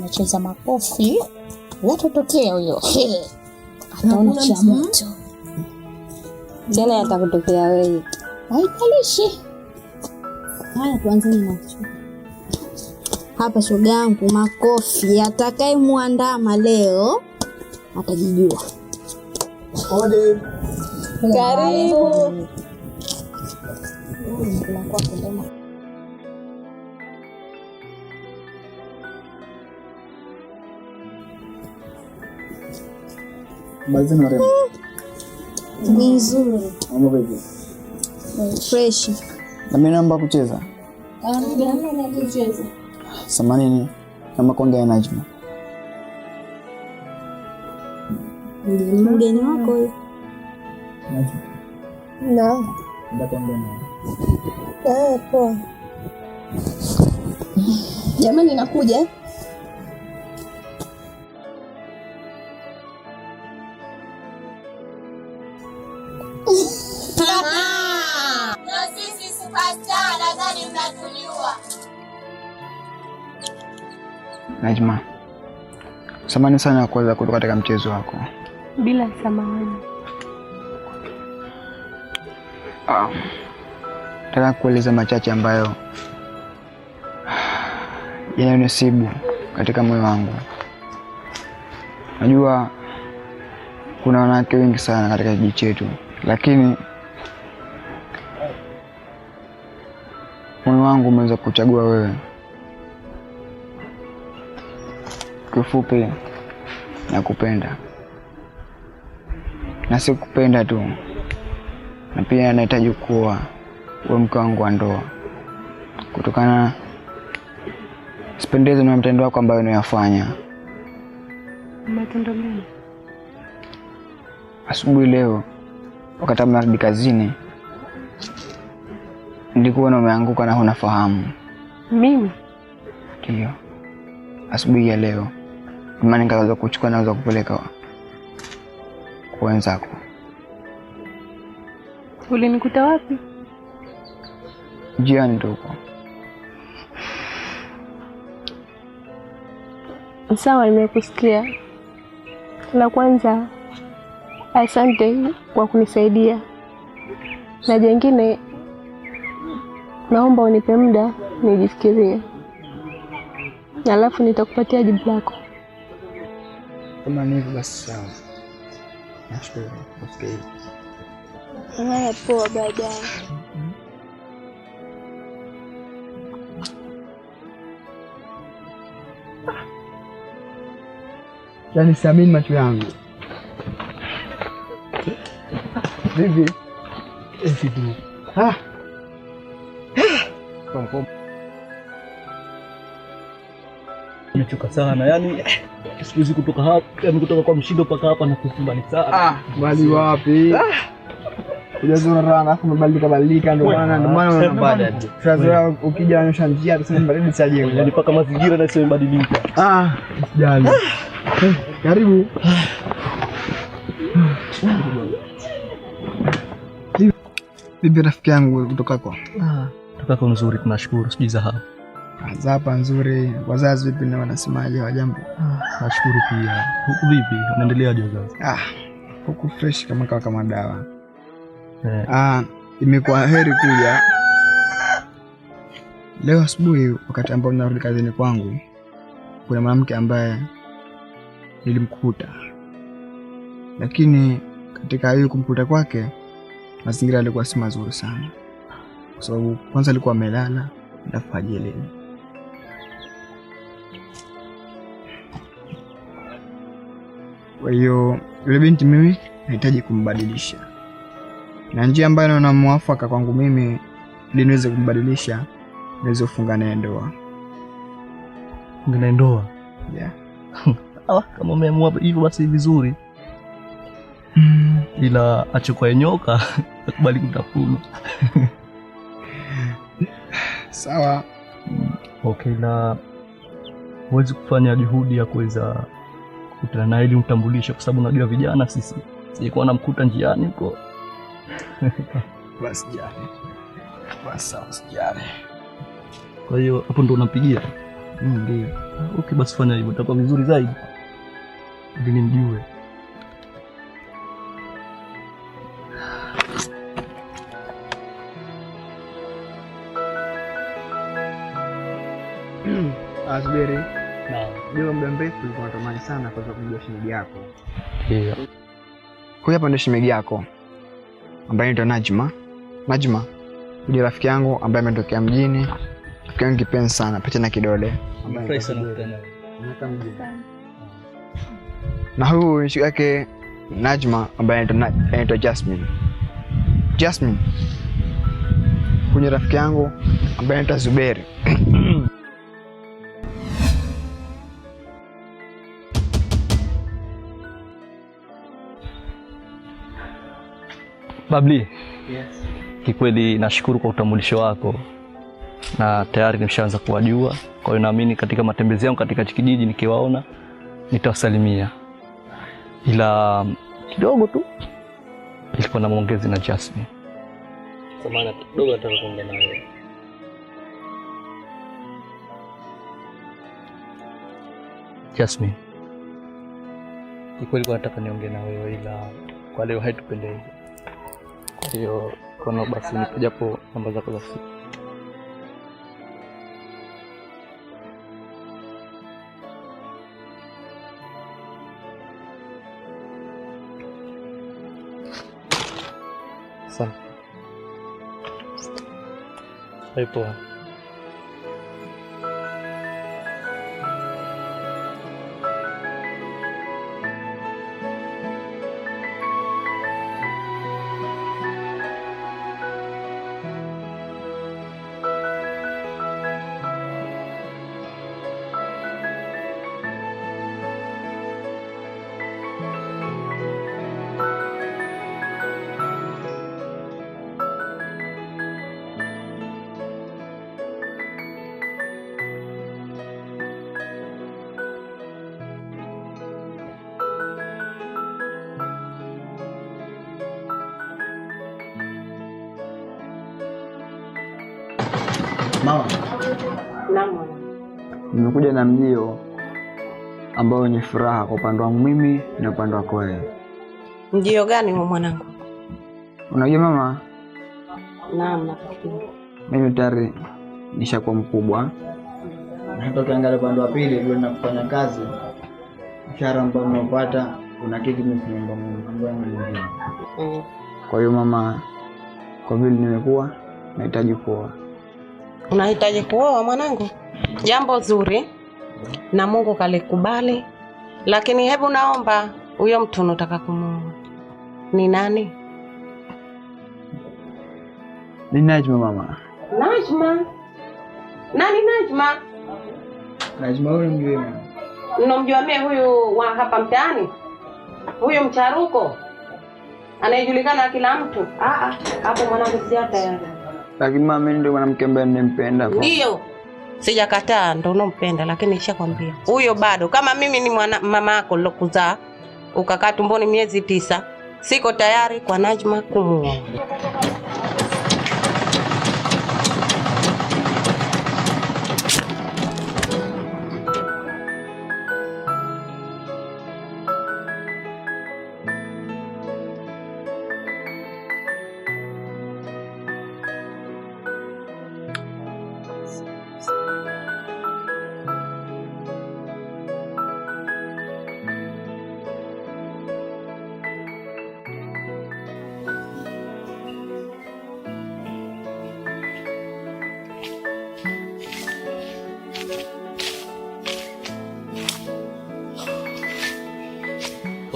tunacheza makofi, yatotokea huyo ataona cha moto tena, yatakutokea wewe, haikalishi Haya, tuanzeni nacho hapa, shoga yangu. Makofi. Atakaye mwandama leo atajijua. Karibu. Baadhi ni warembo. Ni nzuri. Mambo vipi? Fresh. Na mimi ah, naomba kucheza. Samani ni naomba kuongea Najma. Mgeni wako huyo? Eh, poa. Jamani nakuja. Pasta, nadhani Najma, samani sana kuweza kutoka katika mchezo wako. Bila samani. Ah, nataka kueleza machache ambayo yanayonisibu katika moyo wangu. Najua kuna wanawake wengi sana katika kijiji chetu, lakini moyo wangu umeweza kuchagua wewe. Kifupi, nakupenda na si kupenda tu, na pia nahitaji kuwa we mke wangu wa ndoa, kutokana sipendezi na mtendo wako ambayo unayafanya. Matendo gani? Asubuhi leo wakati mnarudi kazini nilikuona umeanguka na unafahamu. Mimi ndio asubuhi ya leo imani nikaweza kuchukua, naweza kupeleka kwa wenzako. Ulinikuta wapi? Jiani tuko sawa. Nimekusikia na kwanza, asante kwa kunisaidia na jengine Naomba unipe muda nijifikirie, alafu nitakupatia jibu lako. Kama ni hivyo basi sawa. Nashukuru. Haya, poa. Baadaye yani, siamini macho yangu. Vipi? Ah. Nimechoka sana yani, siku hizi kutoka hapa, yani kutoka kwa mshindo mpaka hapa na kusumbani sana. Ah, Bali wapi? Ah. Alafu umebadilika badilika, ndio maana ndio maana baada. sasa ukija anyosha njia tuseme baridi saje, Yaani paka mazingira na sio mebadilika. Ah, jani. Ah. Karibu. Bibi ah. rafiki yangu kutoka kwa Ah tukako nzuri, tunashukuru. Sijui za hapa za hapa nzuri. Wazazi vipi, na wanasemaje? Wajambo? Ah, nashukuru pia. Huku vipi, unaendeleaje wazazi? Ah, huku fresh kama kawa kama dawa eh. Ah, imekuwa heri kuja leo asubuhi, wakati ambao narudi kazini kwangu, kuna mwanamke ambaye nilimkuta, lakini katika hiyo kumkuta kwake mazingira yalikuwa si mazuri sana kwa sababu kwanza alikuwa amelala, alafu hajielewi. Kwa hiyo yule binti mimi nahitaji kumbadilisha, na njia ambayo naona mwafaka kwangu mimi ili niweze kumbadilisha, niweze kufunga naye ndoa. Ngine ndoa? Yeah. Ah, kama umeamua hivyo basi vizuri, hmm. ila achukue nyoka akubali kutafuna Sawa. Okay, na huwezi kufanya juhudi ya kuweza kukutana naye ili umtambulishe, kwa sababu unajua vijana sisi, sijikuwa namkuta njiani huko. Basi jani, basi sawa, sijani. Kwa hiyo hapo ndo unampigia? Mm, ndio. Okay, basi fanya hivyo, itakuwa vizuri zaidi ili nimjue. Asgeri, jua muda mrefu ulikuwa unatamani sana kuweza kujua shimegi yako. Ndio. Huyu hapa ndio shimegi yako ambaye anaitwa Najma. Najma ndio rafiki yangu ambaye ametokea mjini, rafiki yangu kipenzi sana, pete na kidole. Na huyu shimegi yake Najma ambaye anaitwa Jasmine. Jasmine, huyu rafiki yangu ambaye anaitwa Zuberi Babli. Yes. Kikweli nashukuru kwa utambulisho wako na tayari nimeshaanza kuwajua, kwa hiyo naamini katika matembezi yangu katika kijiji nikiwaona nitawasalimia, ila kidogo tu ilikuwa na maongezi na Jasmine. Kwa maana kidogo nataka kuongea na wewe. Jasmine, kikweli kwa nataka niongee na wewe, ila kwa leo haitupendezi hiyo kono, basi nikuja hapo namba zako za simu. Asante. Mama, nimekuja na mjio ambao ni furaha kwa upande wangu mimi na upande wako wewe. Mjio gani huo mwanangu? Unajua mama, na mimi tayari nishakuwa mkubwa, na hata ukiangalia upande wa pili vile ninafanya kazi, mshahara ambao unapata una kiki nyumba Kwa hiyo mama, kwa vile nimekuwa nahitaji kuoa unahitaji kuoa mwanangu? Jambo zuri na Mungu kalikubali, lakini hebu naomba huyo mtu unataka kumuoa ni nani? Ni Najma mama. Najma? Nani Najma? Najma huyu mjue mama. Unamjua mie huyu wa hapa mtaani huyu mcharuko anayejulikana kila mtu. Ah, ah, hapo mwanangu si hata lakini mama, mimi ndio mwanamke ambaye ninampenda. Ndio. Sijakataa ndo unampenda, lakini nishakwambia huyo bado. Kama mimi ni mwana, mama yako nilokuzaa ukakaa tumboni miezi tisa, siko tayari kwa Najma kumuoa.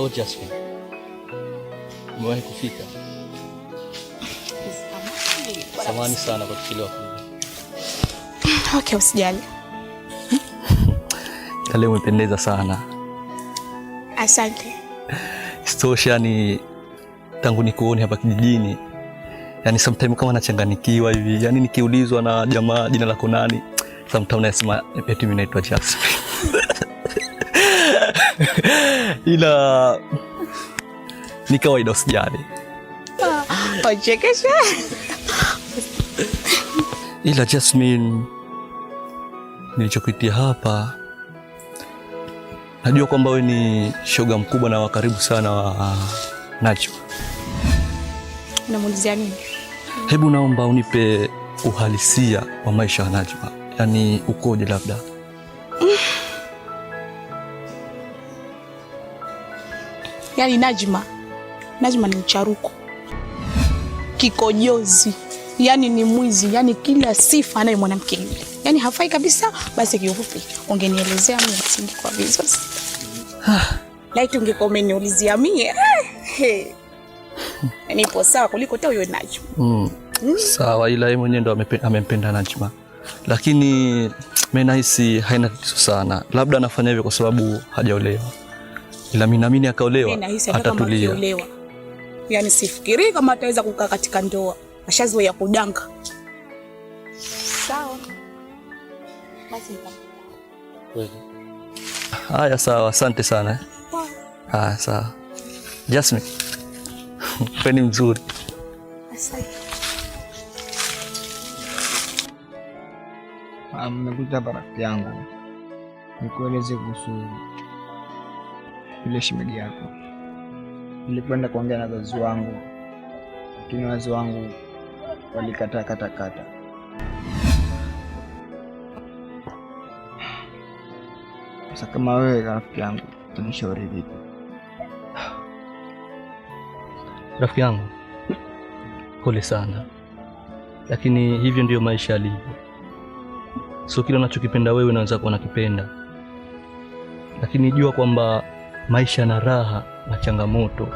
Oh, Jasmine. Umewahi kufika. Samahani sana kwa kuchelewa. Okay, usijali. Kale umependeza sana. Asante. Isitoshe, yani tangu nikuone hapa kijijini, yani sometime kama nachanganikiwa hivi, yani nikiulizwa na jamaa jina lako nani, sometimes nasema eti mimi naitwa Jasmine ila ni kawaida, usijali. Wachekesha ila Jasmine, nilichokitia hapa, najua kwamba wewe ni shoga mkubwa na wakaribu sana wa Nacho. Unamuulizia nini? Hebu naomba unipe uhalisia wa maisha ya Najma, yaani ukoje? Labda yani Najma, Najma ni mcharuko, kikojozi, yani ni mwizi, yani kila sifa anayo mwanamke yule, yani hafai kabisa. Basi kiufupi, ungenielezea mimi msingi kwa vizuri. Laiti ungekuwa umeniulizia mie, yaani nipo sawa kuliko hata huyo Najma. Mm. Mm. Sawa, ila yeye mwenyewe ndo amempenda Najma, lakini mena nahisi haina tatizo sana, labda anafanya hivyo kwa sababu hajaolewa. Ila mimi naamini akaolewa atatulia. Yaani sifikirii kama ataweza kukaa katika ndoa, ashazoea kudanga. Haya, sawa, asante sana. Eh. Haya, sawa. Jasmine. Peni mzuri. Asante. Ah, Mmekuja yangu nikueleze kuhusu yule shimegi yako. Nilikwenda kuongea na wazazi wangu, lakini wazazi wangu walikataa kata kata. Sasa kama wewe rafiki yangu, tunishauri vipi? Rafiki yangu, pole sana, lakini hivyo ndiyo maisha yalivyo. Sio kile unachokipenda wewe naweza kuwa nakipenda, lakini jua kwamba maisha na raha na changamoto,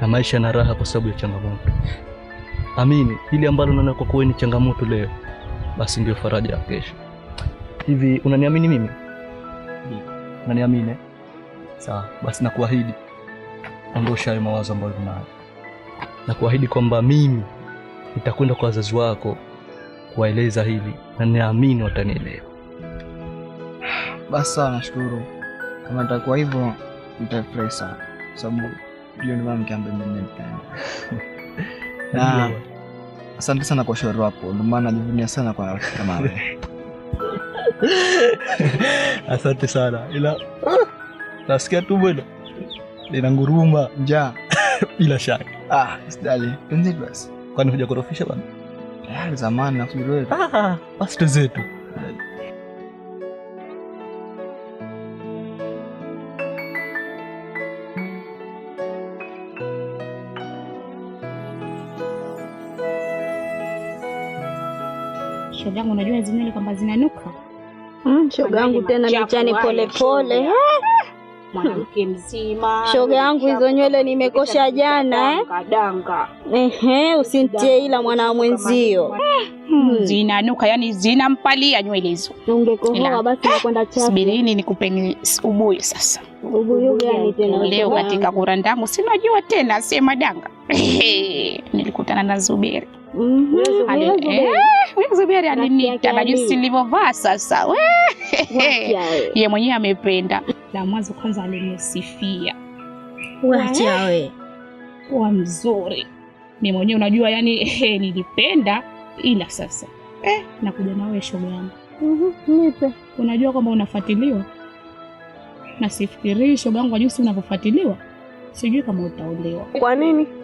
na maisha na raha kwa sababu ya changamoto. Amini hili ambalo naona kwa ni changamoto leo, basi ndio faraja ya kesho. Hivi unaniamini mimi? Unaniamini? Sawa, basi nakuahidi, ondosha hayo mawazo ambayo unayo, nakuahidi kwamba mimi nitakwenda kwa wazazi wako kuwaeleza hili na ninaamini watanielewa. Basi sawa, nashukuru. Kama takuwa hivyo nitafurahi sana, kwa sababu ndio ni mwanamke ambaye nimempenda. Na asante sana kwa ushauri wako, ndio maana najivunia sana kwa rafiki kama wewe. Asante sana ila nasikia tu bwana nina nguruma njaa. Bila shaka. Ah, sidali. Twende basi. Kwani huja kurofisha bwana? Tayari zamani na kujiroa. Ah, basi ah, ah. tuzetu. viatu vyangu, unajua zinywele kwamba zinanuka. Mm, shoga yangu tena michani polepole mwanamke eh. mzima. Shoga yangu hizo nywele nimekosha jana eh. danga. Ehe, usinitie ila mwana mwenzio hmm. zinanuka, yani zinampalia nywele hizo. Ungekohoa basi nakwenda chafu. Subirini nikupeni ubuyu sasa. Ubuyu gani tena? Leo katika kurandangu sinajua tena, sema danga. Nilikutana na Zuberi Mhm. Zuberi eh, aliniita na jinsi nilivyovaa sasa, ye mwenyewe amependa. La mwanzo kwanza alinisifia wacha eh? kuwa mzuri, mi mwenyewe unajua, yani nilipenda, ila sasa eh, nakuja nawe shoga yangu mm Unajua kwamba unafuatiliwa na sifikirii shoga yangu, kwa jinsi unavyofuatiliwa, sijui kama utaolewa. Kwa nini?